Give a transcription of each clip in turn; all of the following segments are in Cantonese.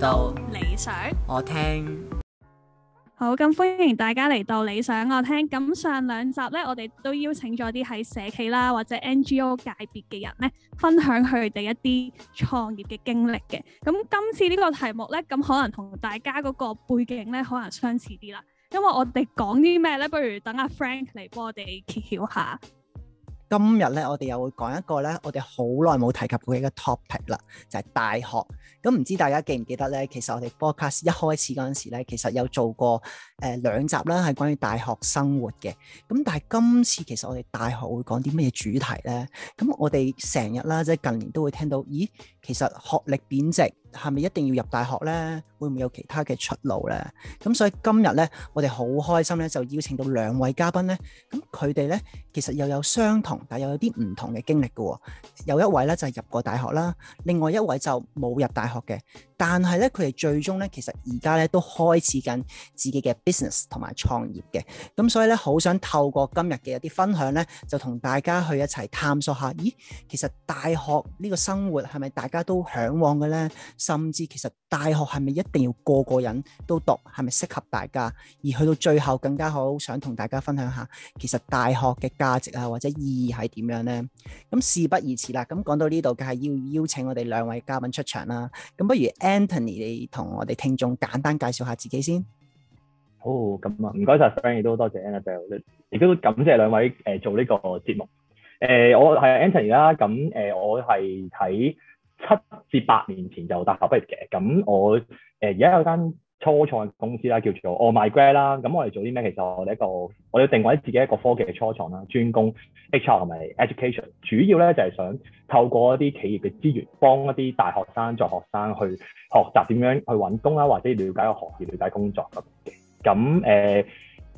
到理想我聽。好，咁歡迎大家嚟到理想我聽。咁上兩集咧，我哋都邀請咗啲喺社企啦或者 NGO 界別嘅人咧，分享佢哋一啲創業嘅經歷嘅。咁今次呢個題目咧，咁可能同大家嗰個背景咧，可能相似啲啦。因為我哋講啲咩咧，不如等阿 Frank 嚟幫我哋揭曉下。今日咧，我哋又會講一個咧，我哋好耐冇提及過嘅一個 topic 啦，就係大學。咁唔知大家記唔記得咧？其實我哋 podcast 一開始嗰陣時咧，其實有做過誒兩集啦，係關於大學生活嘅。咁但係今次其實我哋大學會講啲咩主題咧？咁我哋成日啦，即係近年都會聽到，咦，其實學歷貶值。係咪一定要入大學呢？會唔會有其他嘅出路呢？咁所以今日呢，我哋好開心咧，就邀請到兩位嘉賓呢。咁佢哋呢，其實又有相同，但又有啲唔同嘅經歷嘅喎。有一位呢就係入過大學啦，另外一位就冇入大學嘅。但係呢，佢哋最終呢，其實而家呢都開始緊自己嘅 business 同埋創業嘅。咁所以呢，好想透過今日嘅一啲分享呢，就同大家去一齊探索下，咦，其實大學呢個生活係咪大家都嚮往嘅呢？甚至其實大學係咪一定要個個人都讀，係咪適合大家？而去到最後更加好，想同大家分享下，其實大學嘅價值啊，或者意義係點樣咧？咁事不宜遲啦，咁講到呢度梗係要邀請我哋兩位嘉賓出場啦。咁不如 Anthony，你同我哋聽眾簡單介紹下自己先。好，咁啊，唔該晒。f r i e n d 亦都多謝 Annabelle，亦都感謝兩位誒、呃、做呢個節目。誒、呃，我係 Anthony 啦，咁、呃、誒，我係喺。七至八年前就大學畢業嘅，咁我誒而家有間初創嘅公司啦，叫做 onmygrad 啦，咁我哋做啲咩？其實我哋一個，我哋定位自己一個科技嘅初創啦，專攻 HR 同埋 education，主要咧就係想透過一啲企業嘅資源，幫一啲大學生、在學生去學習點樣去揾工啦，或者瞭解個行業、瞭解工作咁嘅。咁誒、呃、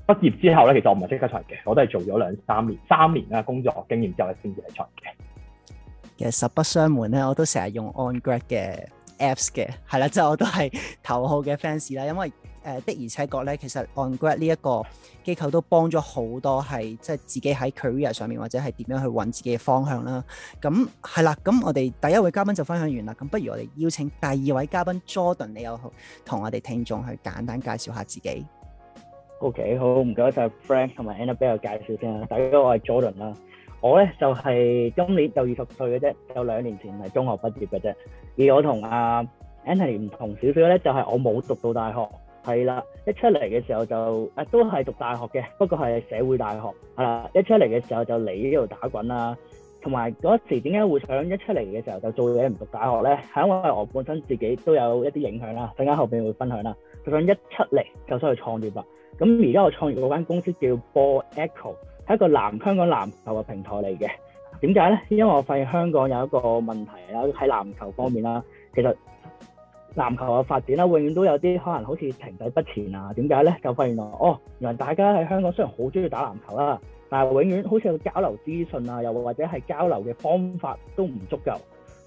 畢業之後咧，其實我唔係即刻出嚟嘅，我都係做咗兩三年，三年啦工作經驗之後先至出嚟嘅。其實實不相瞞咧，我都成日用 OnGrad 嘅 Apps 嘅，係啦，即係我都係頭號嘅 fans 啦。因為誒的而且確咧，其實 OnGrad 呢一個機構都幫咗好多係即係自己喺 career 上面或者係點樣去揾自己嘅方向啦。咁係啦，咁我哋第一位嘉賓就分享完啦。咁不如我哋邀請第二位嘉賓 Jordan，你又好同我哋聽眾去簡單介紹下自己。OK，好，唔該曬 Frank 同埋 Annabelle 介紹先啊。大家我係 Jordan 啦。我咧就係、是、今年就二十歲嘅啫，有兩年前係中學畢業嘅啫。而我、啊、同阿 Anthony 唔同少少咧，就係、是、我冇讀到大學，係啦，一出嚟嘅時候就、啊、都係讀大學嘅，不過係社會大學係啦，一出嚟嘅時候就嚟呢度打滾啦、啊。同埋嗰時點解會想一出嚟嘅時候就做嘢唔讀大學咧？係因為我本身自己都有一啲影響啦，陣間後面會分享啦。就想一出嚟就想去創業啦。咁而家我創業嗰間公司叫 Ball Echo。一個南香港籃球嘅平台嚟嘅，點解呢？因為我發現香港有一個問題啦，喺籃球方面啦，其實籃球嘅發展啦，永遠都有啲可能好似停滯不前啊。點解呢？就發現我哦，原來大家喺香港雖然好中意打籃球啦，但係永遠好似有交流資訊啊，又或者係交流嘅方法都唔足夠，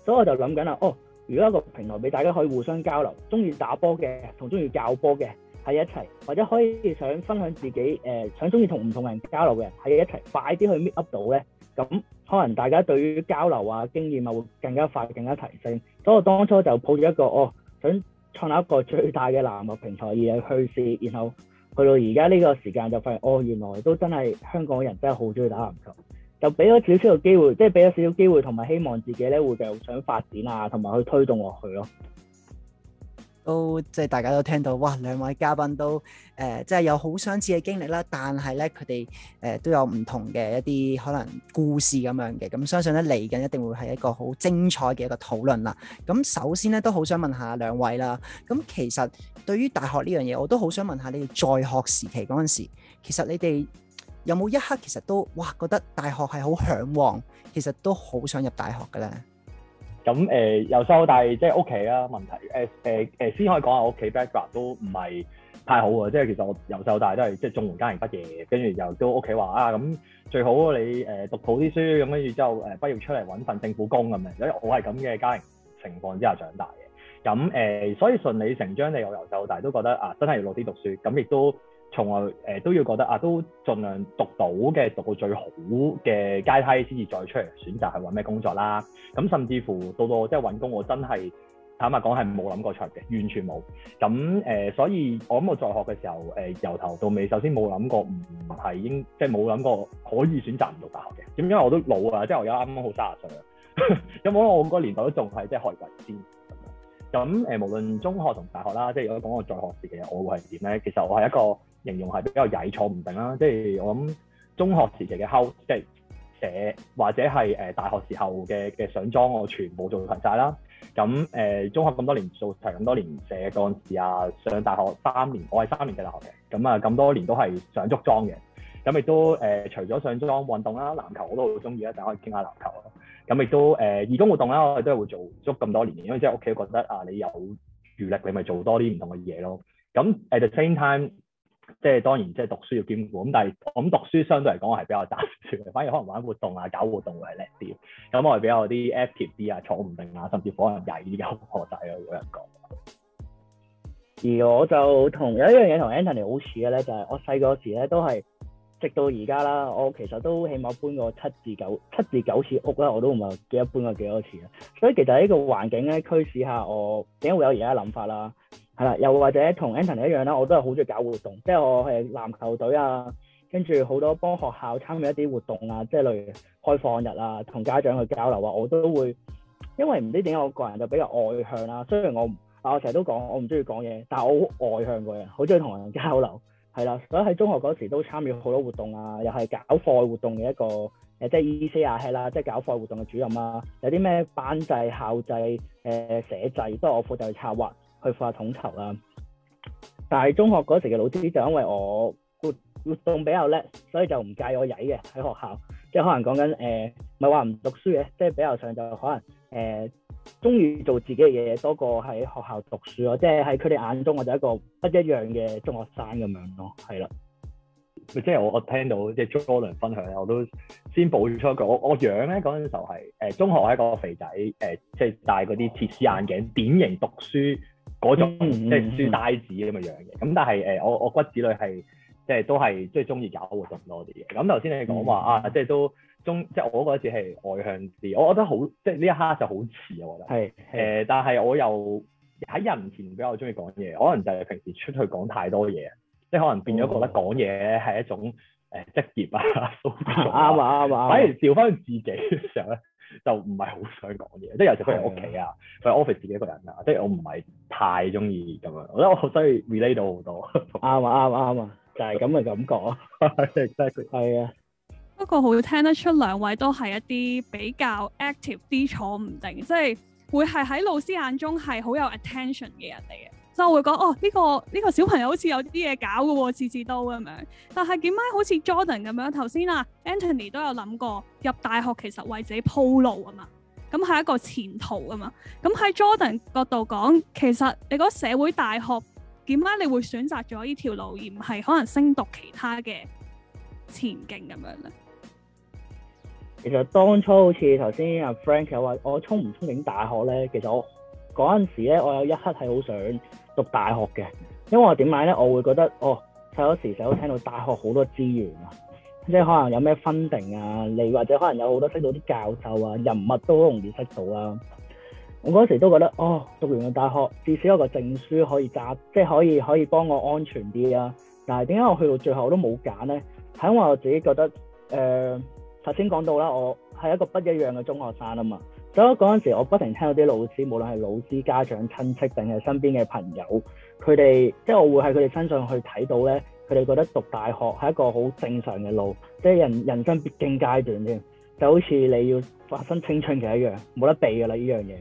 所以我就諗緊啦，哦，如果一個平台俾大家可以互相交流，中意打波嘅同中意教波嘅喺一齊，或者可以想分享自己，呃、想中意同唔同人交流嘅人喺一齊，快啲去 meet up 到呢。咁可能大家對於交流啊經驗啊會更加快、更加提升。所以我當初就抱住一個哦，想創立一個最大嘅籃球平台而去試，然後去到而家呢個時間就發現，哦，原來都真係香港人真係好中意打籃球，就俾咗少少嘅機會，即係俾咗少少機會，同埋希望自己呢會繼續想發展啊，同埋去推動落去咯。都、oh，即係大家都聽到，哇！兩位嘉賓都誒，即、呃、係有好相似嘅經歷啦，但係咧佢哋誒都有唔同嘅一啲可能故事咁樣嘅，咁、嗯、相信咧嚟緊一定會係一個好精彩嘅一個討論啦。咁、嗯、首先咧都好想問下兩位啦。咁、嗯、其實對於大學呢樣嘢，我都好想問下你哋在學時期嗰陣時，其實你哋有冇一刻其實都哇覺得大學係好嚮往，其實都好想入大學嘅咧？咁誒、呃、由細到大即係屋企呀，問題誒、呃呃呃、先可以講下屋企 background 都唔係太好喎，即係其實我由細到大都係即係縱橫家庭畢業，跟住又都屋企話啊，咁最好你、呃、讀好啲書，咁跟住之後畢業、呃、出嚟揾份政府工咁樣，因為我係咁嘅家庭情況之下長大嘅。咁誒、呃、所以順理成章你我由細到大都覺得啊真係要落啲讀書，咁亦都。從來誒都要覺得啊，都盡量讀到嘅讀到最好嘅階梯，先至再出嚟選擇係揾咩工作啦。咁甚至乎到到即係揾工，我真係坦白講係冇諗過出嘅，完全冇。咁誒、呃，所以我諗我在學嘅時候，誒、呃、由頭到尾，首先冇諗過唔係已經即係冇諗過可以選擇唔讀大學嘅。點解我都老啊？即係我而家啱啱好三十歲啦。咁 我我嗰年代都仲係即係學術先咁樣。咁誒、呃，無論中學同大學啦，即係如果講我在學時嘅我會係點咧？其實我係一個。形容係比較曳錯唔定啦，即係我諗中學時期嘅 House，即係寫或者係誒大學時候嘅嘅上莊，我全部做齊曬啦。咁誒、呃、中學咁多年做齊咁多年寫幹事啊，上大學三年，我係三年嘅大學嘅，咁啊咁多年都係上足莊嘅。咁亦都誒、呃、除咗上足莊運動啦，籃球我都好中意啦，大家可以傾下籃球啊。咁亦都誒、呃、義工活動啦，我哋都係會做足咁多年，因為即係屋企覺得啊，你有餘力你咪做多啲唔同嘅嘢咯。咁 at the same time 即係當然，即係讀書要兼顧咁，但係我咁讀書相對嚟講，我係比較攬嘅，反而可能玩活動啊、搞活動會係叻啲，咁我係比較啲 active 啲啊、坐唔定啊，甚至可能曳啲有學仔啊，有人講。而我就同有一樣嘢同 Anthony 好似嘅咧，就係、是、我細個時咧都係。直到而家啦，我其實都起碼搬過七至九七至九次屋啦，我都唔係幾一般過幾多次啦。所以其實喺個環境咧驅使下我，我點解會有而家諗法啦。係啦，又或者同 Anton 你一樣啦，我都係好中意搞活動，即、就、係、是、我係籃球隊啊，跟住好多幫學校參與一啲活動啊，即、就、係、是、例如開放日啊，同家長去交流啊，我都會因為唔知點解我個人就比較外向啦、啊。雖然我啊成日都講我唔中意講嘢，但係我好外向過人，好中意同人交流。係啦，所以喺中學嗰時都參與好多活動啊，又係搞課外活動嘅一個誒，即係 E.C.R.H 啦，即係搞課外活動嘅主任啊，有啲咩班制、校制、誒、呃、社制，都係我負責去策劃、去負責統籌啊。但係中學嗰時嘅老師就因為我活動比較叻，所以就唔介我曳嘅喺學校，即係可能講緊誒，唔係話唔讀書嘅，即係比較上就可能誒。呃中意做自己嘅嘢多過喺學校讀書咯，即係喺佢哋眼中我就一個不一樣嘅中學生咁樣咯，係啦。即係我我聽到即係中 o e 分享咧，我都先補充一個，我我樣咧嗰陣時候係誒、呃、中學係一個肥仔，誒，即係戴嗰啲鐵絲眼鏡，典型讀書嗰種即係、嗯嗯就是、書呆子咁嘅樣嘅。咁但係誒、呃、我我骨子裏係即係都係即係中意搞活動多啲嘅。咁頭先你講話啊，即係都。中即係我嗰時係外向啲，我覺得好即係呢一刻就好似啊，我覺得係誒、呃，但係我又喺人前比較中意講嘢，可能就係平時出去講太多嘢，即係可能變咗覺得講嘢係一種誒職業啊，啱、嗯、啊啱啊，啊，啊，啊，啊，反而調翻自己嘅時候咧，就唔係好想講嘢，即係有時譬如屋企啊，喺 office 自己一個人啊，即係我唔係太中意咁樣，我覺得我好中意 relate 到好多。啱啊啱啊啱啊，啊啊啊 就係咁嘅感覺。係 啊、就是。是的不過好聽得出兩位都係一啲比較 active、啲坐唔定，即係會係喺老師眼中係好有 attention 嘅人嚟嘅，就會講哦呢個呢個小朋友好似有啲嘢搞嘅喎，次次都咁樣。但係點解好似 Jordan 咁樣頭先啊，Anthony 都有諗過入大學其實為自己鋪路啊嘛，咁係一個前途啊嘛。咁喺 Jordan 角度講，其實你講社會大學點解你會選擇咗呢條路而唔係可能升讀其他嘅前景咁樣咧？其實當初好似頭先阿 Frank 有話我憧唔憧憬大學呢。其實我嗰陣時呢，我有一刻係好想讀大學嘅，因為我點解呢？我會覺得哦，細時成日都聽到大學好多資源啊，即係可能有咩 funding 啊，你或者可能有好多識到啲教授啊，人物都好容易識到啊。我嗰時都覺得哦，讀完個大學至少有個證書可以揸，即係可以可以幫我安全啲啊。但係點解我去到最後都冇揀呢？係因為我自己覺得誒。呃頭先講到啦，我係一個不一樣嘅中學生啊嘛，所以嗰陣時我不停聽到啲老師，無論係老師、家長、親戚，定係身邊嘅朋友，佢哋即係我會喺佢哋身上去睇到咧，佢哋覺得讀大學係一個好正常嘅路，即係人人生必經階段添，就好似你要發生青春期一樣，冇得避噶啦呢樣嘢。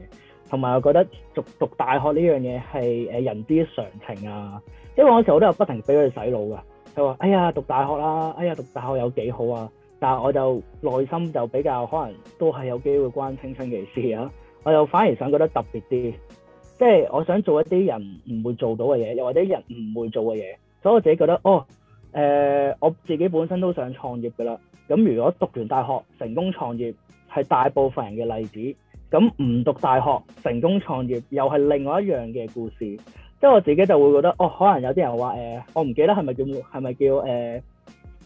同埋我覺得讀讀大學呢樣嘢係誒人之常情啊。因為嗰時候我都有不停俾佢哋洗腦噶，佢話：哎呀，讀大學啦，哎呀，讀大學有幾好啊！但我就內心就比較可能都係有機會關青春嘅事啊！我又反而想覺得特別啲，即係我想做一啲人唔會做到嘅嘢，又或者人唔會做嘅嘢。所以我自己覺得，哦，呃、我自己本身都想創業㗎啦。咁如果讀完大學成功創業係大部分人嘅例子，咁唔讀大學成功創業又係另外一樣嘅故事。即係我自己就會覺得，哦，可能有啲人話、呃、我唔記得係咪叫係咪叫、呃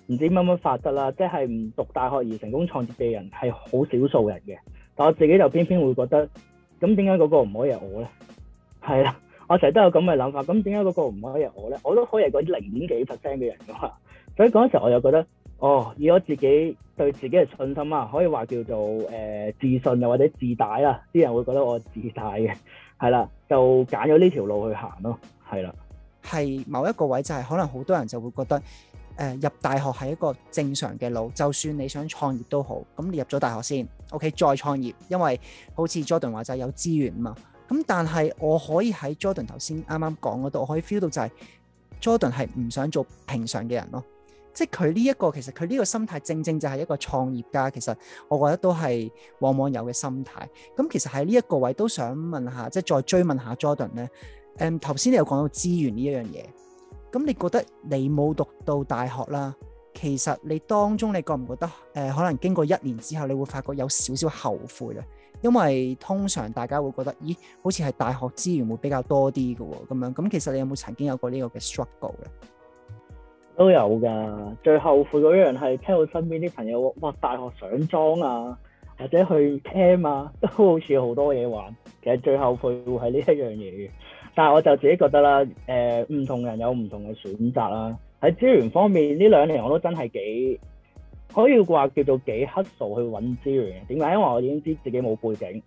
唔知乜乜法則啦，即係唔讀大學而成功創業嘅人係好少數人嘅。但我自己就偏偏會覺得，咁點解嗰個唔可以係我咧？係啦，我成日都有咁嘅諗法。咁點解嗰個唔可以係我咧？我都可以係個零幾 percent 嘅人㗎嘛。所以嗰陣時我就覺得，哦，以我自己對自己嘅信心啊，可以話叫做誒、呃、自信又或者自大啦。啲人會覺得我自大嘅，係啦，就揀咗呢條路去行咯，係啦。係某一個位就係可能好多人就會覺得。入大學係一個正常嘅路，就算你想創業都好，咁你入咗大學先，OK，再創業，因為好似 Jordan 話就係有資源嘛。咁但係我可以喺 Jordan 頭先啱啱講嗰度，我可以 feel 到就係 Jordan 係唔想做平常嘅人咯。即係佢呢一個其實佢呢個心態，正正就係一個創業家。其實我覺得都係往往有嘅心態。咁其實喺呢一個位都想問下，即係再追問下 Jordan 呢。誒，頭先你有講到資源呢一樣嘢。咁你覺得你冇讀到大學啦？其實你當中你覺唔覺得誒、呃，可能經過一年之後，你會發覺有少少後悔嘅，因為通常大家會覺得，咦，好似係大學資源會比較多啲嘅，咁樣咁，其實你有冇曾經有過呢個嘅 struggle 咧？都有噶，最後悔嗰樣係聽到身邊啲朋友，哇，大學上莊啊，或者去 camp 啊，都好似好多嘢玩，其實最後悔會係呢一樣嘢嘅。但係我就自己覺得啦，呃，唔同人有唔同嘅選擇啦。喺資源方面，呢兩年我都真係幾可以話叫做幾 hustle 去揾資源。點解？因為我已經知自己冇背景，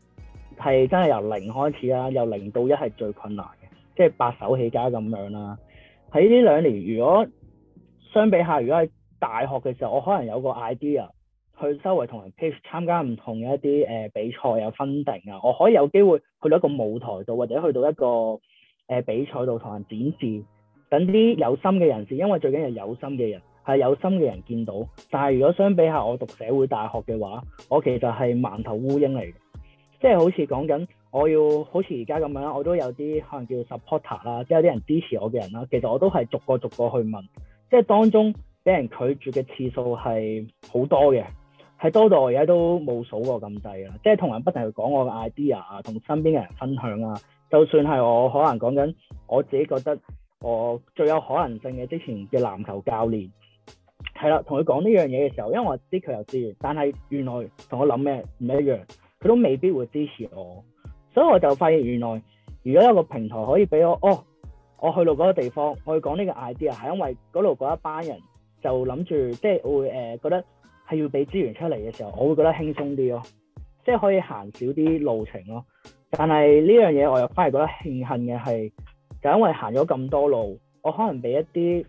係真係由零開始啦，由零到一係最困難嘅，即係白手起家咁樣啦。喺呢兩年，如果相比下，如果喺大學嘅時候，我可能有個 idea 去周圍同人參加唔同嘅一啲誒、呃、比賽有、啊、分定啊，我可以有機會去到一個舞台度，或者去到一個，誒比賽度同人展示，等啲有心嘅人士，因為最緊要有心嘅人，係有心嘅人見到。但係如果相比下，我讀社會大學嘅話，我其實係盲頭烏蠅嚟嘅，即係好似講緊我要好似而家咁樣，我都有啲可能叫 supporter 啦，即係有啲人支持我嘅人啦。其實我都係逐個逐個去問，即係當中俾人拒絕嘅次數係好多嘅，係多到我而家都冇數過咁滯啦。即係同人不停去講我嘅 idea 啊，同身邊嘅人分享啊。就算係我可能講緊我自己覺得我最有可能性嘅之前嘅籃球教練，係啦，同佢講呢樣嘢嘅時候，因為我知佢有資源，但係原來同我諗咩唔一樣，佢都未必會支持我，所以我就發現原來如果有一個平台可以俾我，哦，我去到嗰個地方，我去講呢個 idea，係因為嗰度嗰一班人就諗住即係會誒、呃、覺得係要俾資源出嚟嘅時候，我會覺得輕鬆啲咯，即係可以行少啲路程咯。但係呢樣嘢，我又反而覺得慶幸嘅係，就因為行咗咁多路，我可能俾一啲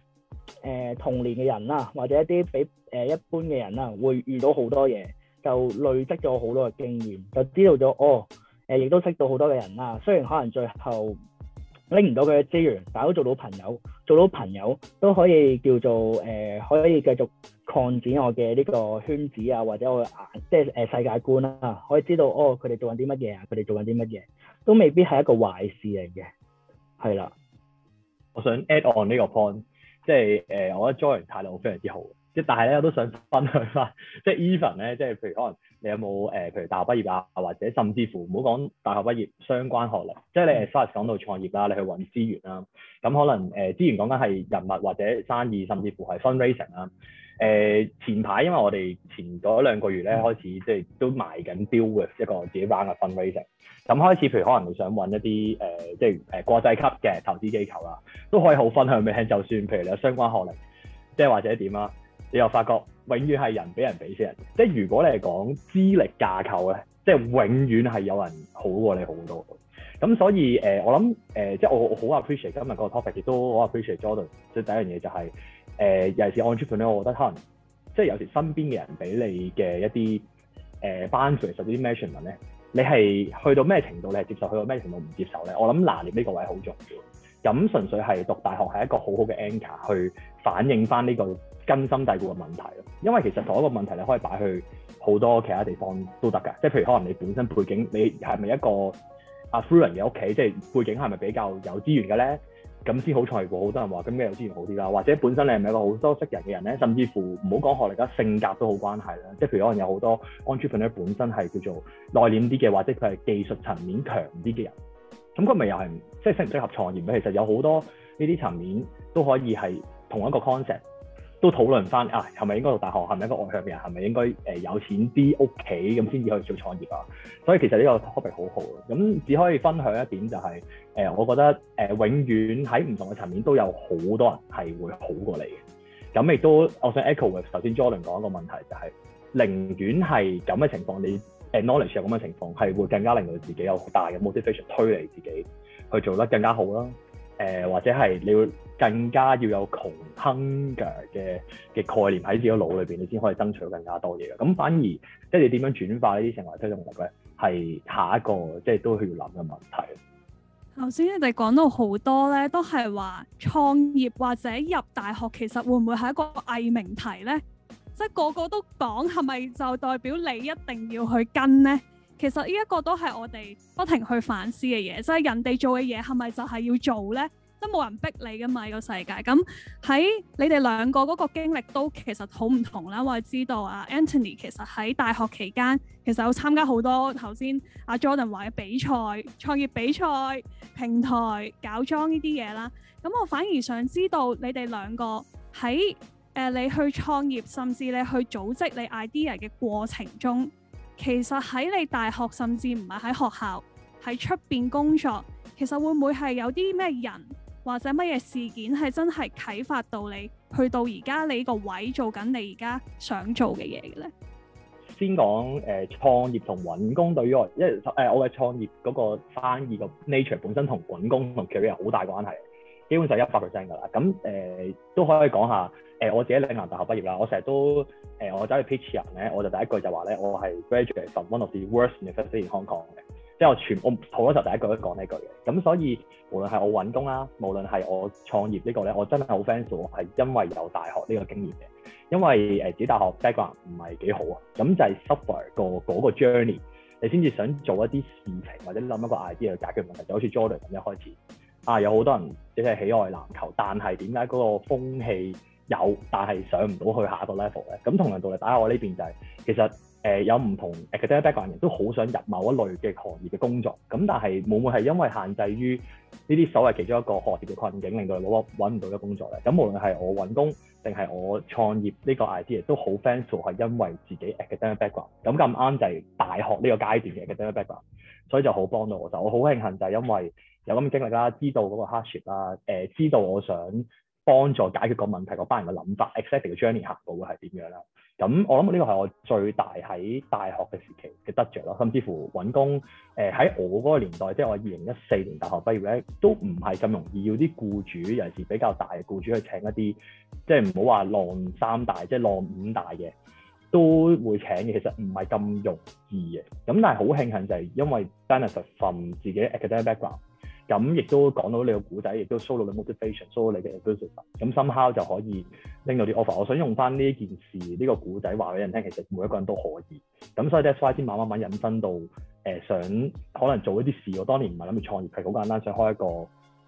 誒童年嘅人啦、啊，或者一啲俾誒一般嘅人啦、啊，會遇到好多嘢，就累積咗好多嘅經驗，就知道咗哦，誒、呃、亦都識到好多嘅人啦、啊。雖然可能最後，拎唔到佢資源，但係都做到朋友，做到朋友都可以叫做誒、呃，可以繼續擴展我嘅呢個圈子啊，或者我嘅即係誒世界觀啦，可以知道哦，佢哋做緊啲乜嘢啊，佢哋做緊啲乜嘢，都未必係一個壞事嚟嘅，係啦。我想 add on 呢個 point，即係誒，我覺得 Jordan 態度非常之好，即係但係咧，我都想分享翻，即係 even 咧，即係譬如可能。你有冇誒、呃，譬如大學畢業啊，或者甚至乎唔好講大學畢業相關學歷，即係你今日講到創業啦，你去揾資源啦，咁可能誒資源講緊係人物或者生意，甚至乎係 fundraising 啦、呃。誒前排因為我哋前嗰兩個月咧、嗯、開始即係都埋緊 deal with 一個自己 run 嘅 fundraising，咁開始譬如可能會想揾一啲誒、呃、即係誒、呃、國際級嘅投資機構啦，都可以好分享俾聽，就算譬如你有相關學歷，即係或者點啊？你又發覺永遠係人俾人俾先人，即係如果你係講資歷架構咧，即係永遠係有人好過你好多。咁所以誒，我諗誒，即係我我好 appreciate 今日個 topic，亦都好 appreciate Jordan。即係第一樣嘢就係、是、誒，尤其是 entrepreneur 咧，我覺得可能即係有時身邊嘅人俾你嘅一啲誒 boundaries 或者啲 measurement 咧，你係去到咩程度，你係接受去到咩程度唔接受咧？我諗拿捏呢個位好重要。咁純粹係讀大學係一個好好嘅 anchor 去。反映翻呢個根深蒂固嘅問題咯，因為其實同一個問題你可以擺去好多其他地方都得㗎。即係譬如可能你本身背景你係咪一個 affluent 嘅屋企，即係背景係咪比較有資源嘅咧？咁先好彩過好多人話咁嘅有資源好啲啦。或者本身你係咪一個好多識人嘅人咧？甚至乎唔好講學歷啦，性格都好關係啦。即係譬如可能有好多 entrepreneur 本身係叫做內斂啲嘅，或者佢係技術層面強啲嘅人，咁佢咪又係即係適唔適合創業嘅。其實有好多呢啲層面都可以係。同一個 concept 都討論翻啊，係咪應該讀大學？係咪一個外向嘅人？係咪應該、呃、有錢啲屋企咁先至可以做創業啊？所以其實呢個 topic 好好咁只可以分享一點就係、是呃、我覺得、呃、永遠喺唔同嘅層面都有好多人係會好過你嘅。咁亦都我想 echo with 先 j o i n 講一個問題、就是，就係寧願係咁嘅情況，你 k n o w l e d g e 有咁嘅情況，係會更加令到自己有大嘅 motivation 推嚟自己去做得更加好啦、呃。或者係你要。更加要有窮亨嘅嘅概念喺自己嘅腦裏邊，你先可以爭取更加多嘢嘅。咁反而即係你點樣轉化呢啲成為推動力咧，係下一個即係都去要諗嘅問題。頭先你哋講到好多咧，都係話創業或者入大學其實會唔會係一個偽命題咧？即係個個都講，係咪就代表你一定要去跟咧？其實呢一個都係我哋不停去反思嘅嘢，即係人哋做嘅嘢係咪就係要做咧？都冇人逼你噶嘛，呢個世界咁。喺你哋兩個嗰個經歷都其實好唔同啦。我知道啊，Anthony 其實喺大學期間其實有參加好多頭先阿 Jordan 話嘅比賽、創業比賽、平台搞裝呢啲嘢啦。咁我反而想知道你哋兩個喺誒、呃、你去創業，甚至你去組織你 idea 嘅過程中，其實喺你大學，甚至唔係喺學校，喺出邊工作，其實會唔會係有啲咩人？或者乜嘢事件係真係啟發到你去到而家你呢個位做緊你而家想做嘅嘢嘅咧？先講誒、呃、創業同揾工對於我，因為誒、呃、我嘅創業嗰個生意嘅 nature 本身同揾工同 career 好大關係，基本上一百 percent 噶啦。咁誒、呃、都可以講下誒、呃、我自己嶺南大學畢業啦。我成日都誒、呃、我走去 pitch 人咧，我就第一句就話咧，我係 graduate from one of the worst university in Hong Kong 嘅。因係我全我好多時候第一句都講呢句嘅，咁所以無論係我揾工啦，無論係我創業呢、這個咧，我真係好 fans 我係因為有大學呢個經驗嘅，因為誒自己大學第一關唔係幾好啊，咁就係 survive 嗰個 journey，你先至想做一啲事情或者諗一個 idea 去解決問題，就好似 Jordan 咁一開始，啊有好多人只係喜愛籃球，但係點解嗰個風氣有，但係上唔到去下一個 level 咧？咁同樣道理打下我呢邊就係、是、其實。呃、有唔同 academic background 人都好想入某一類嘅行業嘅工作，咁但係會唔會係因為限制於呢啲所謂其中一個學業嘅困境令到你揾揾唔到嘅工作咧？咁無論係我揾工定係我創業呢個 idea 都好 fancy 係因為自己 academic background，咁咁啱就係大學呢個階段嘅 academic background，所以就好幫到我。我就我好慶幸就係因為有咁嘅經歷啦，知道嗰個 hardship 啦、呃，知道我想。幫助解決個問題，嗰班人嘅諗法 ，exactly 嘅 journey 客戶會係點樣啦？咁我諗呢個係我最大喺大學嘅時期嘅得着咯，甚至乎揾工誒喺、呃、我嗰個年代，即係我二零一四年大學畢業咧，都唔係咁容易，要啲僱主尤其是比較大嘅僱主去請一啲即係唔好話浪三大，即係浪五大嘅都會請嘅，其實唔係咁容易嘅。咁但係好慶幸就係因為 benefit from 自己 academic background。咁亦都講到你個古仔，亦都 show 到你 motivation show 到你嘅 ambitious 咁 somehow 就可以拎到啲 offer。我想用翻呢一件事，呢、呢個古仔話俾人聽，其實每一個人都可以。咁所以 that 先慢慢慢引申到、呃，想可能做一啲事。我當年唔係諗住創業，係好簡單，想開一個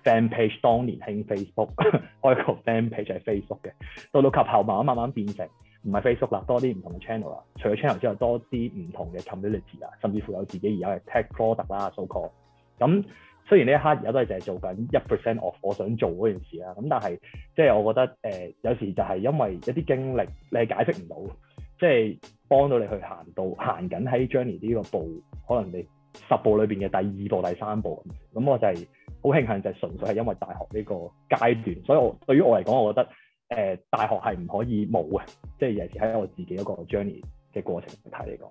fan page。當年興 Facebook， 開一個 fan page 係 Facebook 嘅。到到及後慢慢慢慢變成唔係 Facebook 啦，多啲唔同嘅 channel 啦。除咗 channel 之外，多啲唔同嘅 community 啦，甚至乎有自己而家嘅 tech product 啦、so called 咁。雖然呢一刻而家都係淨係做緊一 percent of 我想做嗰件事啦，咁但係即係我覺得誒、呃、有時就係因為一啲經歷你係解釋唔到，即係幫到你去行到行緊喺 journey 呢個步，可能你十步裏邊嘅第二步、第三步，咁我就係好慶幸，就係純粹係因為大學呢個階段，所以我對於我嚟講，我覺得誒、呃、大學係唔可以冇嘅，即係尤其是喺我自己一個 journey 嘅過程嚟睇嚟講。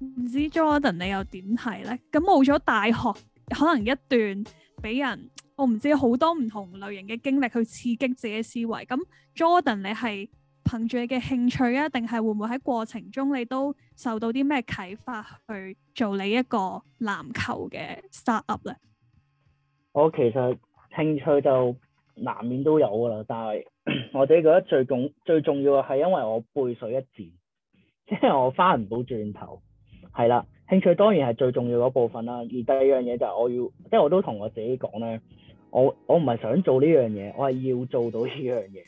唔知 Jordan 你又點睇咧？咁冇咗大學。可能一段俾人，我唔知好多唔同類型嘅經歷去刺激自己嘅思維。咁 Jordan，你係憑住你嘅興趣啊，定係會唔會喺過程中你都受到啲咩啟發去做你一個籃球嘅 start up 咧？我其實興趣就難免都有噶啦，但係我自己覺得最重最重要嘅係因為我背水一戰，即係我翻唔到轉頭，係啦。興趣當然係最重要嗰部分啦。而第二樣嘢就係我要，即係我都同我自己講咧，我我唔係想做呢樣嘢，我係要做到呢樣嘢，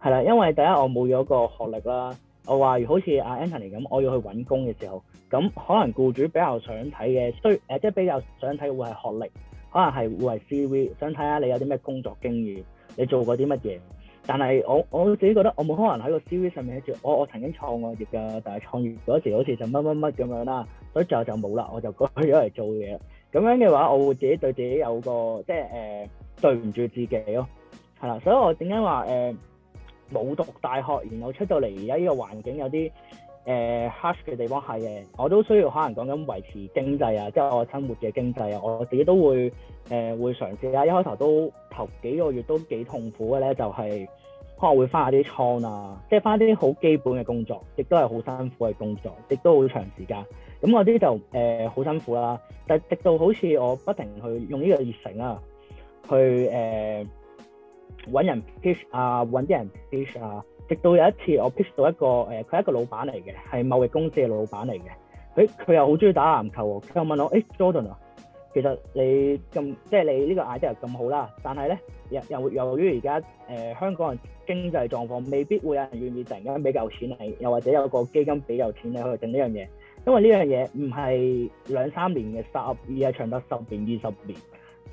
係啦。因為第一我冇咗個學歷啦。我話，如好似阿 Anthony 咁，我要去揾工嘅時候，咁可能僱主比較想睇嘅，需誒，即係比較想睇會係學歷，可能係會係 CV，想睇下你有啲咩工作經驗，你做過啲乜嘢。但係我我自己覺得我冇可能喺個 CV 上面寫我我曾經創過業㗎，但係創業嗰時候好似就乜乜乜咁樣啦。所以就就冇啦，我就改咗嚟做嘢啦。咁樣嘅話，我會自己對自己有個即係誒對唔住自己咯，係啦。所以我點解話誒冇讀大學，然後出到嚟而家呢個環境有啲誒 hush 嘅地方係嘅，我都需要可能講緊維持經濟啊，即係我生活嘅經濟啊。我自己都會誒會嘗試啊。一開頭都頭幾個月都幾痛苦嘅咧，就係可能會翻下啲倉啊，即係翻啲好基本嘅工作，亦都係好辛苦嘅工作，亦都好長時間。咁我啲就誒好、呃、辛苦啦，但係直到好似我不停去用呢個熱誠去、呃、找人 pish，啊，去誒揾人 pitch 啊，揾啲人 pitch 啊，直到有一次我 pitch 到一個誒，佢、呃、係一個老闆嚟嘅，係貿易公司嘅老闆嚟嘅。佢佢又好中意打籃球喎。佢又問我，誒、欸、Jordan 啊，其實你咁即係你呢個 idea 咁好啦，但係咧又又由於而家誒香港人經濟狀況未必會有人願意突然間俾夠錢你，又或者有個基金俾夠錢你去整呢樣嘢。因為呢樣嘢唔係兩三年嘅 startup 而係長得十年、二十年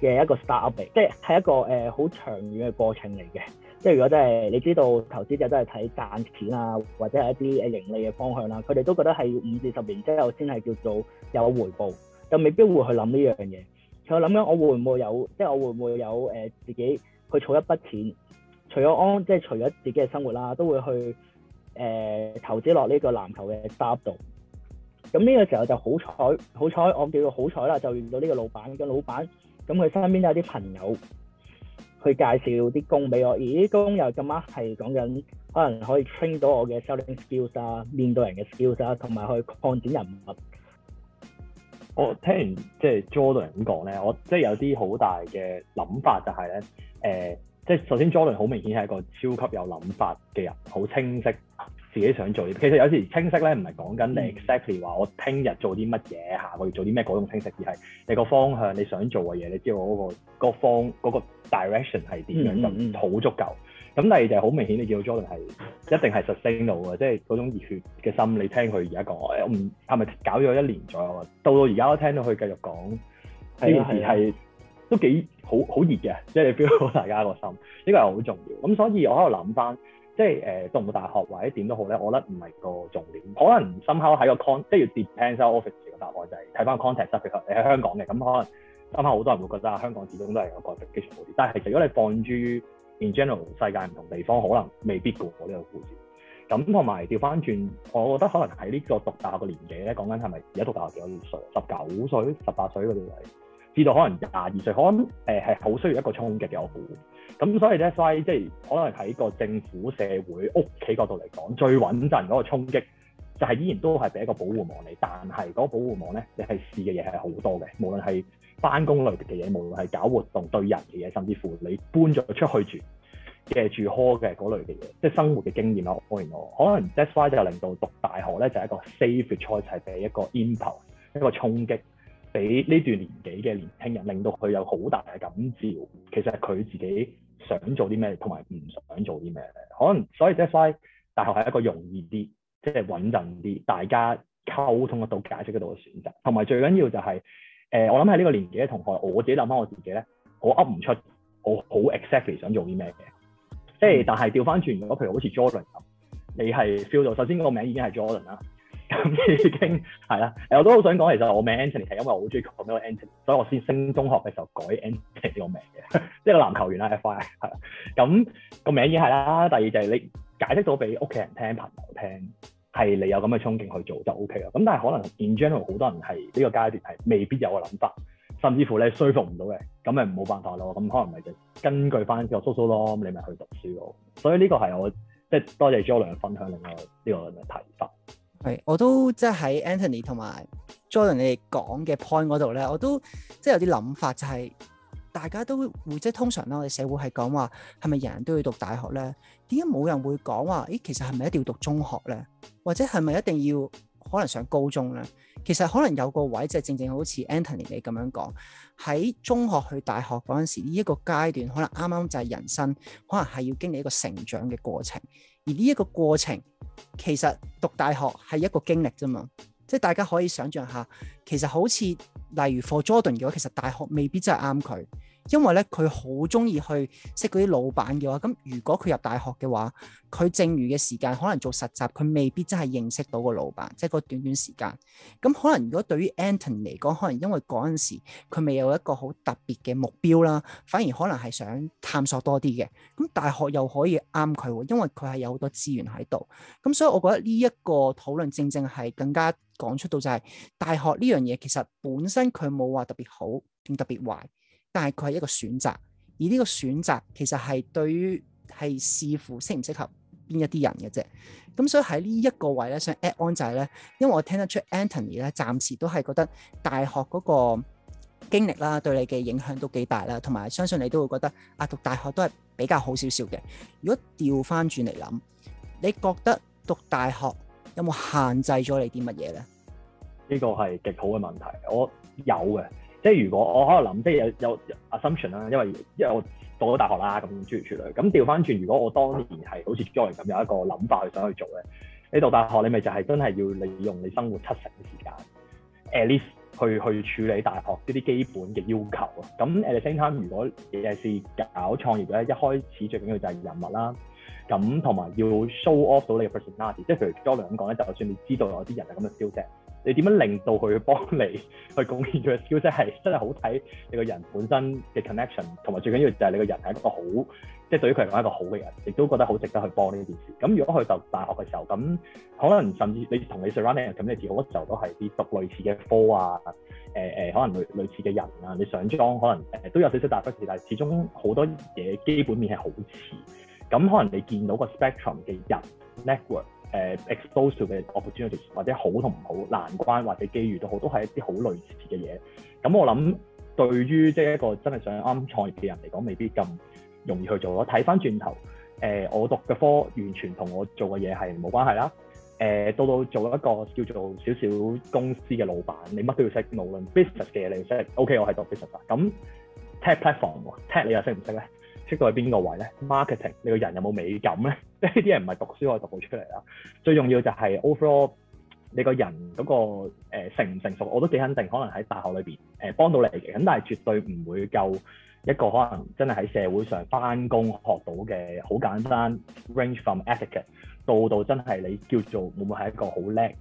嘅一個 startup 嚟，即係一個誒好、呃、長遠嘅過程嚟嘅。即係如果真、就、係、係、你知道投資者都係睇賺錢啊，或者一啲誒盈利嘅方向啦、啊，佢哋都覺得係五至十年之後先係叫做有回報，又未必會去諗呢樣嘢。我諗緊我會唔會有，即係我會唔會有誒、呃、自己去儲一筆錢，除咗安，即係除咗自己嘅生活啦、啊，都會去誒、呃、投資落呢個籃球嘅 startup 度。咁呢個時候就好彩，好彩我叫做好彩啦，就遇到呢個老闆嘅老闆，咁佢身邊有啲朋友去介紹啲工俾我。咦，工又咁啱係講緊，可能可以 train 到我嘅 selling skills 啊，面對人嘅 skills 啊，同埋去擴展人物。我聽完即係 Jordan 咁講咧，我即係有啲好大嘅諗法、就係，就係咧，誒，即係首先 Jordan 好明顯係一個超級有諗法嘅人，好清晰。自己想做啲，其實有時清晰咧，唔係講緊你 exactly 話我聽日做啲乜嘢下我要做啲咩嗰種清晰，而係你個方向你想做嘅嘢，你知道嗰個、嗰個方嗰、嗰個 direction 係點樣、嗯、就好足夠。咁但係就係好明顯，你見到 Jordan 係一定係 sustainable 嘅，即係嗰種熱血嘅心。你聽佢而家講，我唔係咪搞咗一年左右啊？到到而家都聽到佢繼續講呢、啊、件事係、啊、都幾好好熱嘅，即係你 feel 到大家個心，呢、呢個係好重要。咁所以我喺度諗翻。即係誒，讀唔到大學或者點都好咧，我覺得唔係個重點。可能深秋喺個 con，即係要 depends on office 嘅答案就係睇翻個 context。你喺香港嘅，咁、嗯、可能啱啱好多人會覺得香港始終都係個覺得非常好啲。但係如果你放諸 in general 世界唔同地方，可能未必過我呢個故事。咁同埋調翻轉，我覺得可能喺呢個讀大學嘅年紀咧，講緊係咪而家讀大學幾多歲十九歲、十八歲嗰啲位，至到可能廿二歲，可能誒係好需要一個衝擊嘅我估。咁所以 that's why 即係可能喺個政府社會屋企角度嚟講，最穩陣嗰個衝擊，就係依然都係俾一個保護網你。但係嗰保護網咧，你係試嘅嘢係好多嘅，無論係翻工類嘅嘢，無論係搞活動對人嘅嘢，甚至乎你搬咗出去住嘅住 c 嘅嗰類嘅嘢，即係生活嘅經驗咯。當然我可能 that's why 就令到讀大學咧就係、是、一個 safe choice，係俾一個 import 一個衝擊。俾呢段年紀嘅年輕人，令到佢有好大嘅感召。其實係佢自己想做啲咩，同埋唔想做啲咩。可能所以 that's why 大學係一個容易啲，即係穩陣啲，大家溝通得到，解釋得到嘅選擇。同埋最緊要就係，誒、呃，我諗喺呢個年紀嘅同學，我自己諗翻我自己咧，我 up 唔出，我好 exactly 想做啲咩嘅。即、mm-hmm。係但係調翻轉，如果譬如好似 Jordan 咁，你係 feel 到首先嗰個名已經係 Jordan 啦。咁 已經係啦，誒我都好想講，其實我名是 Anthony 係因為我好中意講呢個 Anthony，所以我先升中學嘅時候改 Anthony 呢個名嘅，即 係個籃球員啊 fire 係啦。咁、那個名已經係啦，第二就係你解釋到俾屋企人聽、朋友聽，係你有咁嘅衝勁去做就 OK 啦。咁但係可能 in general 好多人係呢個階段係未必有個諗法，甚至乎咧說服唔到嘅，咁咪冇辦法咯。咁可能係就根據翻個叔叔咯，咁你咪去讀書咯。所以呢個係我即係多謝 Jordan 嘅分享，另外呢個提法。係，我都即係喺 Anthony 同埋 Jordan 你哋講嘅 point 嗰度咧，我都，我都即係有啲諗法，就係大家都會即係通常啦，我哋社會係講話係咪人人都要讀大學咧？點解冇人會講話？咦、欸，其實係咪一定要讀中學咧？或者係咪一定要可能上高中咧？其實可能有個位即係正正好似 Anthony 你咁樣講，喺中學去大學嗰陣時，呢、這、一個階段可能啱啱就係人生，可能係要經歷一個成長嘅過程。而呢一個過程其實讀大學係一個經歷啫嘛，即係大家可以想象下，其實好似例如 For Jordan 嘅話，其實大學未必真係啱佢。因為咧，佢好中意去識嗰啲老闆嘅話，咁如果佢入大學嘅話，佢剩餘嘅時間可能做實習，佢未必真係認識到個老闆，即係嗰短短時間。咁可能如果對於 Anthony 嚟講，可能因為嗰陣時佢未有一個好特別嘅目標啦，反而可能係想探索多啲嘅。咁大學又可以啱佢喎，因為佢係有好多資源喺度。咁所以我覺得呢一個討論正正係更加講出到就係大學呢樣嘢，其實本身佢冇話特別好定特別壞。但係佢係一個選擇，而呢個選擇其實係對於係視乎適唔適合邊一啲人嘅啫。咁所以喺呢一個位咧，想 add on 就係咧，因為我聽得出 Anthony 咧，暫時都係覺得大學嗰個經歷啦，對你嘅影響都幾大啦，同埋相信你都會覺得啊，讀大學都係比較好少少嘅。如果調翻轉嚟諗，你覺得讀大學有冇限制咗你啲乜嘢咧？呢個係極好嘅問題，我有嘅。即係如果我可能諗，即係有有 assumption 啦，因為因為我到咗大學啦，咁諸如此類。咁調翻轉，如果我當年係好似 Joey 咁有一個諗法去想去做咧，你到大學你咪就係真係要利用你生活七成嘅時間，at least 去去處理大學呢啲基本嘅要求啊。咁 at the same time，如果係搞創業咧，一開始最緊要就係人物啦，咁同埋要 show off 到你嘅 personality，即係譬如 Joey 咁講咧，就算你知道有啲人係咁嘅 feel 你點樣令到佢幫你去貢獻咗個消息，係真係好睇你個人本身嘅 connection，同埋最緊要就係你個人係一個好，即、就、係、是、對佢嚟講係一個好嘅人，亦都覺得好值得去幫呢件事。咁如果佢讀大學嘅時候，咁可能甚至你同你 surrounding 咁你好多嘅時候都係啲讀類似嘅科啊，誒、呃、誒、呃，可能類類似嘅人啊，你上莊可能、呃、都有少少大不似，但係始終好多嘢基本面係好似，咁可能你見到個 spectrum 嘅人 network。誒、呃、exposure 嘅 opportunities 或者好同唔好，難關或者機遇都好，都係一啲好類似嘅嘢。咁我諗對於即係一個真係想啱創業嘅人嚟講，未必咁容易去做。我睇翻轉頭，誒、呃、我讀嘅科完全同我做嘅嘢係冇關係啦。誒、呃、到到做一個叫做少少公司嘅老闆，你乜都要識，無論 business 嘅嘢你識，OK 我係讀 business 啊。咁 tech platform tech 你又識唔識咧？識到喺邊個位咧？Marketing 你個人有冇美感咧？即係呢啲人唔係讀書可以讀到出嚟啊！最重要就係 overall 你個人嗰個誒成唔成熟，我都幾肯定。可能喺大學裏邊誒幫到你嘅，咁但係絕對唔會夠一個可能真係喺社會上翻工學到嘅好簡單 range from etiquette 到到真係你叫做會唔會係一個好叻？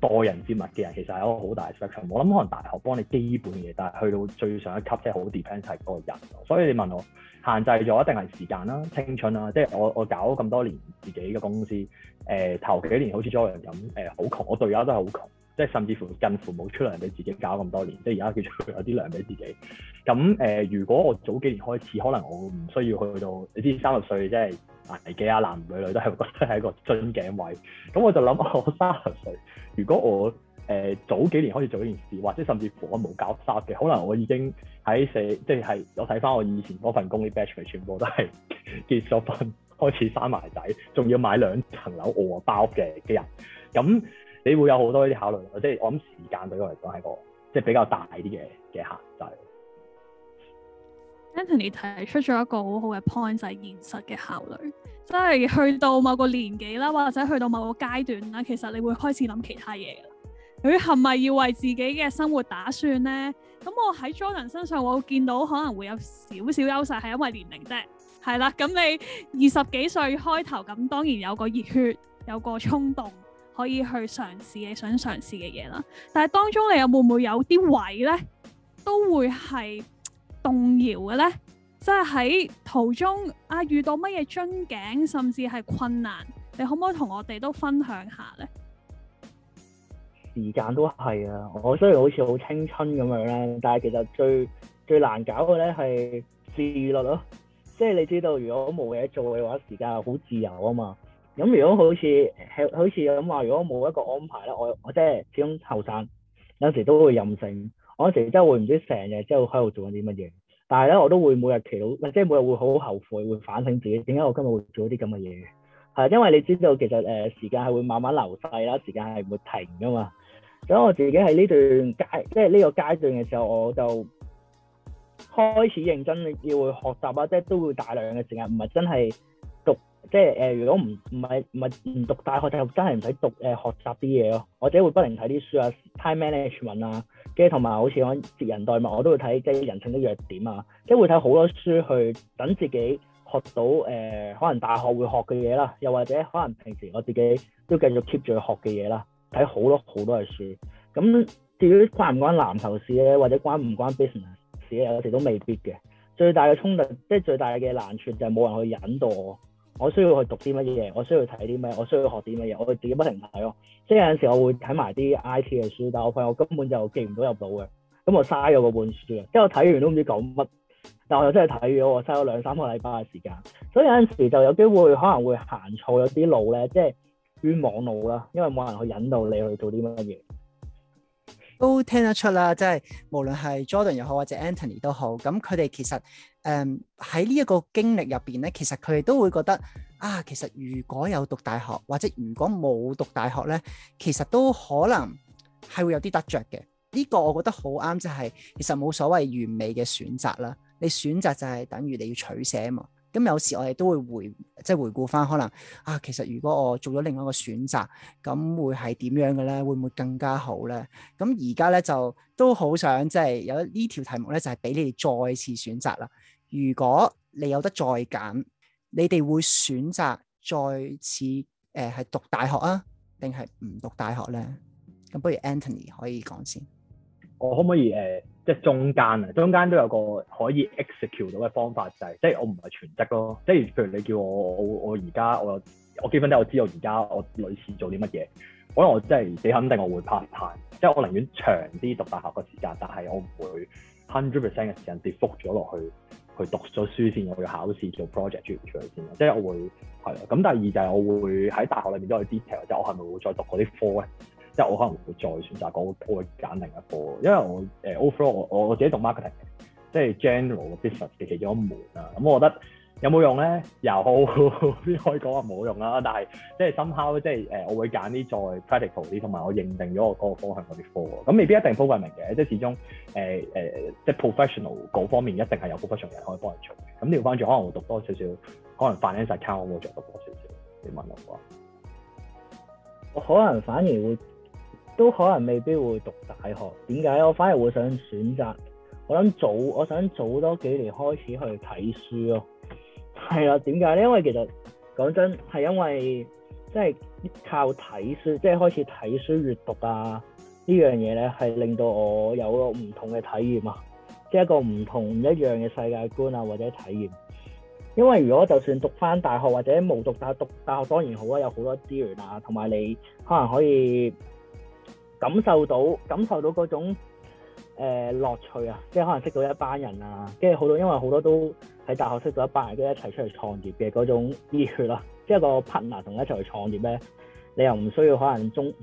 待人接物嘅人其實係一個好大嘅 section。我諗可能大學幫你基本嘅嘢，但係去到最上一級，即係好 depend 係個人。所以你問我限制咗一定係時間啦、青春啊。即係我我搞咁多年自己嘅公司，誒、呃、頭幾年好似 Joey 咁誒好窮，我而家都係好窮。即係甚至乎跟父母出糧俾自己搞咁多年，即係而家叫做有啲糧俾自己。咁誒、呃，如果我早幾年開始，可能我唔需要去到，你知三十歲即係捱幾啊男女女都係覺得係一個樽頸位。咁我就諗我三十歲，如果我誒、呃、早幾年開始做呢件事，或者甚至乎我冇搞沙嘅，可能我已經喺社，即係我睇翻我以前嗰份工啲 batch 全部都係結咗婚，開始生埋仔，仲要買兩層樓我包嘅嘅人，咁。你會有好多呢啲考慮，即係我諗時間對我嚟講係個即係比較大啲嘅嘅限制。Anthony 提出咗一個好好嘅 point，就係現實嘅考慮，即係去到某個年紀啦，或者去到某個階段啦，其實你會開始諗其他嘢啦。佢係咪要為自己嘅生活打算咧？咁我喺 Jordan 身上，我會見到可能會有少少優勢，係因為年齡啫。係啦，咁你二十幾歲開頭咁，當然有個熱血，有個衝動。可以去嘗試嘅想嘗試嘅嘢啦，但係當中你又會唔會有啲位呢？都會係動搖嘅呢？即係喺途中啊，遇到乜嘢樽頸，甚至係困難，你可唔可以同我哋都分享下呢？時間都係啊，我雖然好似好青春咁樣啦，但係其實最最難搞嘅呢係自律咯，即係你知道如果冇嘢做嘅話，時間好自由啊嘛。咁如果好似好似咁話，如果冇一個安排咧，我我即係始終後生，有時都會任性，我有時真係會唔知成日之後喺度做緊啲乜嘢。但係咧，我都會每日期到，即係每日會好後悔，會反省自己點解我今日會做啲咁嘅嘢。係因為你知道其實誒時間係會慢慢流逝啦，時間係唔會停㗎嘛。所以我自己喺呢段階，即係呢個階段嘅時候，我就開始認真你要去學習啊，即係都會大量嘅時間，唔係真係。即係誒、呃，如果唔唔係唔係唔讀大學就真係唔使讀誒、呃、學習啲嘢咯。我自己會不停睇啲書啊，time management 啊，跟住同埋好似我接人待物，我都會睇即係人性的弱點啊，即係會睇好多書去等自己學到誒、呃，可能大學會學嘅嘢啦，又或者可能平時我自己都繼續 keep 住去學嘅嘢啦，睇好多好多嘅書。咁至於關唔關籃球事咧，或者關唔關 business 事咧，有時都未必嘅。最大嘅衝突即係最大嘅難處就係冇人去引導我。我需要去讀啲乜嘢？我需要睇啲咩？我需要學啲乜嘢？我係自己不停睇咯。即係有陣時我會睇埋啲 IT 嘅書，但係我發現我根本就記唔到入到嘅，咁我嘥咗嗰本書啊！即係我睇完都唔知講乜，但我又真係睇咗，我嘥咗兩三個禮拜嘅時間。所以有陣時就有機會可能會行錯咗啲路咧，即係冤枉路啦，因為冇人去引導你去做啲乜嘢。都聽得出啦，即係無論係 Jordan 又好或者 Anthony 都好，咁佢哋其實誒喺呢一個經歷入邊咧，其實佢哋都會覺得啊，其實如果有讀大學或者如果冇讀大學咧，其實都可能係會有啲得着嘅。呢個我覺得好啱，就係其實冇所謂完美嘅選擇啦。你選擇就係等於你要取捨嘛。咁有時我哋都會回即係回顧翻，可能啊其實如果我做咗另外一個選擇，咁會係點樣嘅咧？會唔會更加好咧？咁而家咧就都好想即係有呢條題目咧，就係俾你哋再次選擇啦。如果你有得再揀，你哋會選擇再次誒係讀大學啊，定係唔讀大學咧？咁不如 Anthony 可以講先。我可唔可以誒、呃，即係中間啊，中間都有個可以 execute 到嘅方法，就係即係我唔係全職咯。即係譬如你叫我，我我而家我我基本都我知道而家我類似做啲乜嘢。可能我真係幾肯定我會 part time，即係我寧願長啲讀大學嘅時間，但係我唔會 hundred percent 嘅時間跌伏咗落去去讀咗書先，我去考試、做 project 出嚟先。即係我會係啦。咁第二就係我會喺大學裏面都有 detail，就係我係咪會再讀嗰啲科咧？即係我可能會再選擇講、那個，我會揀另一科，因為我誒 overall 我我自己讀 marketing，即係 general business 嘅其中一門啊。咁、嗯、我覺得有冇用咧？又好呵呵可以講話冇用啦。但係即係 somehow，即係誒，我會揀啲再 practical 啲，同埋我認定咗我嗰個方向嗰啲科。咁未必一定高貴明嘅，即係始終誒誒、欸呃，即係 professional 嗰方面一定係有 professional 人可以幫你做。咁調翻轉，可能我讀多少少，可能 finance account 我會讀多少少。你問我啊？我可能反而會。都可能未必會讀大學，點解？我反而會想選擇，我諗早，我想早多幾年開始去睇書咯、啊。係啦、啊，點解咧？因為其實講真，係因為即係、就是、靠睇書，即、就、係、是、開始睇書閱讀啊、這個、呢樣嘢咧，係令到我有個唔同嘅體驗啊，即、就、係、是、一個唔同唔一樣嘅世界觀啊或者體驗。因為如果就算讀翻大學或者冇讀大學，或者讀、讀大學當然好很啊，有好多資源啊，同埋你可能可以。感受到感受到嗰種誒、呃、樂趣啊，即係可能識到一班人啊，跟住好多，因為好多都喺大學識到一班人，都起跟住一齊出去創業嘅嗰種熱血咯。即係個 partner 同佢一齊去創業咧，你又唔需要可能中誒、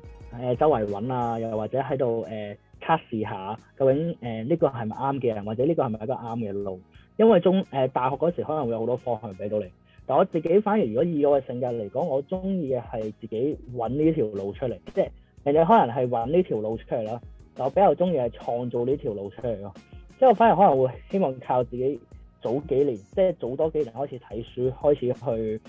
呃、周圍揾啊，又或者喺度誒測試下究竟誒呢、呃呢個係咪啱嘅人，或者呢個係咪一個啱嘅路。因為中誒、呃、大學嗰時候可能會有好多方向俾到你，但我自己反而如果以我嘅性格嚟講，我中意嘅係自己揾呢條路出嚟，即係。人哋可能係玩呢條路出嚟啦，但我比較中意係創造呢條路出嚟咯。即係我反而可能會希望靠自己早幾年，即係早多幾年開始睇書，開始去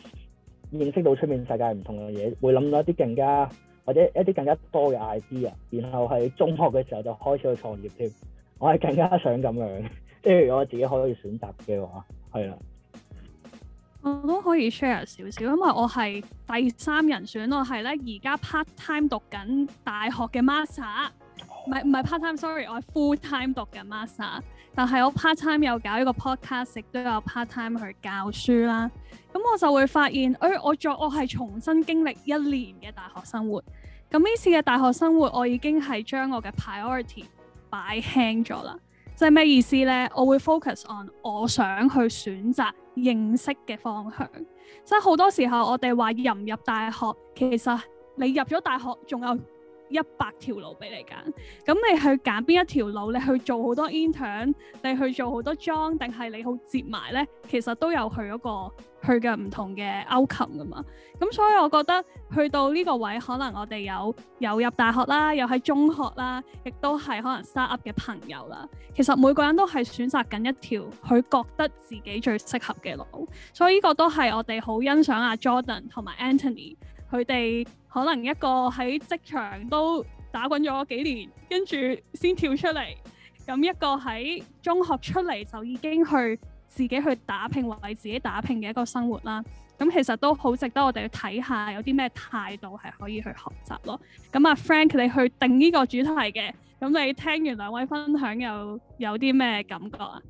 認識到出面世界唔同嘅嘢，會諗到一啲更加或者一啲更加多嘅 idea。然後喺中學嘅時候就開始去創業添。我係更加想咁樣，即係如果我自己可以選擇嘅話，係啦。我都可以 share 少少，因為我係第三人選，我係咧而家 part time 讀緊大學嘅 master，唔係唔係 part time，sorry，我係 full time 讀嘅 master，但係我 part time 又搞一個 podcast，亦都有 part time 去教書啦。咁我就會發現，誒、欸，我作我係重新經歷一年嘅大學生活。咁呢次嘅大學生活，我已經係將我嘅 priority 擺輕咗啦。即係咩意思呢？我會 focus on 我想去選擇認識嘅方向。即係好多時候，我哋話入唔入大學，其實你入咗大學，仲有一百條路俾你揀，咁你去揀邊一條路，你去做好多 intern，你去做好多 job，定係你好接埋咧，其實都有佢嗰、那個佢嘅唔同嘅 outcome 㗎嘛。咁所以我覺得去到呢個位，可能我哋有有入大學啦，又喺中學啦，亦都係可能 startup 嘅朋友啦。其實每個人都係選擇緊一條佢覺得自己最適合嘅路，所以呢個都係我哋好欣賞阿、啊、Jordan 同埋 Anthony 佢哋。可能一個喺職場都打滾咗幾年，跟住先跳出嚟，咁一個喺中學出嚟就已經去自己去打拼，或者自己打拼嘅一個生活啦。咁其實都好值得我哋去睇下，有啲咩態度係可以去學習咯。咁啊，Frank 你去定呢個主題嘅，咁你聽完兩位分享又有啲咩感覺啊？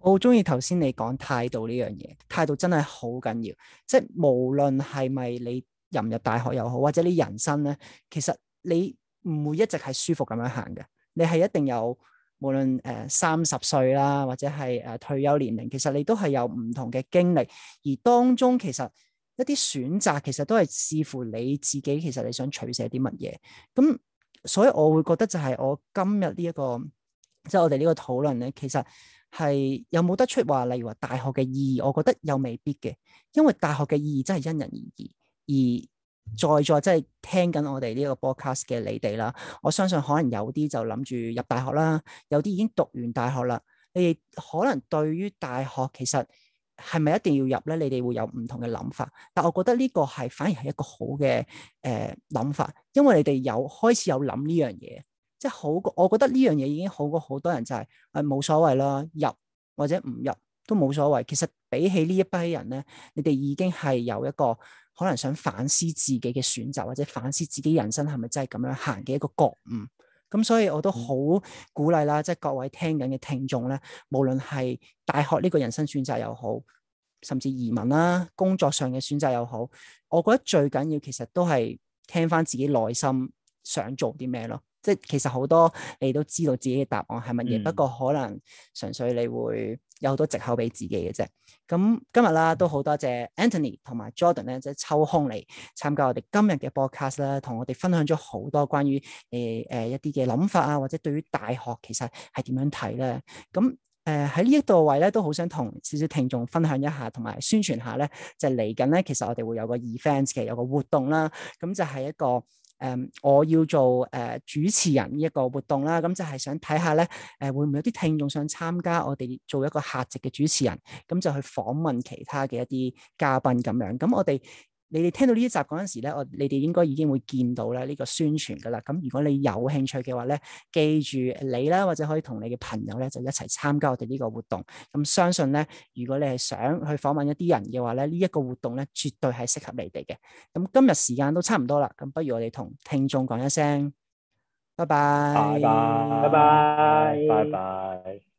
我好鍾意頭先你講態度呢樣嘢，態度真係好緊要，即係無論係咪你。入唔入大學又好，或者你人生咧，其實你唔會一直係舒服咁樣行嘅。你係一定有，無論誒三十歲啦，或者係誒退休年齡，其實你都係有唔同嘅經歷。而當中其實一啲選擇，其實都係視乎你自己。其實你想取捨啲乜嘢？咁所以我會覺得就係我今日呢一個即係、就是、我哋呢個討論咧，其實係有冇得出話，例如話大學嘅意義，我覺得又未必嘅，因為大學嘅意義真係因人而異。而在座即係聽緊我哋呢個 podcast 嘅你哋啦，我相信可能有啲就諗住入大學啦，有啲已經讀完大學啦。你哋可能對於大學其實係咪一定要入咧？你哋會有唔同嘅諗法，但我覺得呢個係反而係一個好嘅誒諗法，因為你哋有開始有諗呢樣嘢，即係好過，我覺得呢樣嘢已經好過好多人就係誒冇所謂啦，入或者唔入。都冇所謂，其實比起呢一批人咧，你哋已經係由一個可能想反思自己嘅選擇，或者反思自己人生係咪真係咁樣行嘅一個覺悟。咁所以我都好鼓勵啦，即係各位聽緊嘅聽眾咧，無論係大學呢個人生選擇又好，甚至移民啦、工作上嘅選擇又好，我覺得最緊要其實都係聽翻自己內心。想做啲咩咯？即、就、係、是、其實好多你都知道自己嘅答案係乜嘢，不過可能純粹你會有好多藉口俾自己嘅啫。咁今日啦、嗯，都好多謝 Anthony 同埋 Jordan 咧，即係抽空嚟參加我哋今日嘅 podcast 啦，同我哋分享咗好多關於誒誒、呃呃、一啲嘅諗法啊，或者對於大學其實係點樣睇咧？咁誒喺呢一度位咧，都好想同少少聽眾分享一下，同埋宣傳下咧，就嚟緊咧，其實我哋會有個 events 嘅，有個活動啦，咁就係一個。誒、um，我要做誒、呃、主持人呢一個活動啦，咁就係想睇下咧，誒、呃、會唔會有啲聽眾想參加我哋做一個客席嘅主持人，咁就去訪問其他嘅一啲嘉賓咁樣，咁我哋。你哋聽到呢一集講嗰陣時咧，我你哋應該已經會見到咧呢個宣傳噶啦。咁如果你有興趣嘅話咧，記住你啦，或者可以同你嘅朋友咧就一齊參加我哋呢個活動。咁相信咧，如果你係想去訪問一啲人嘅話咧，呢一個活動咧絕對係適合你哋嘅。咁今日時間都差唔多啦，咁不如我哋同聽眾講一聲，拜拜，拜拜，拜拜，拜拜。拜拜，拜拜。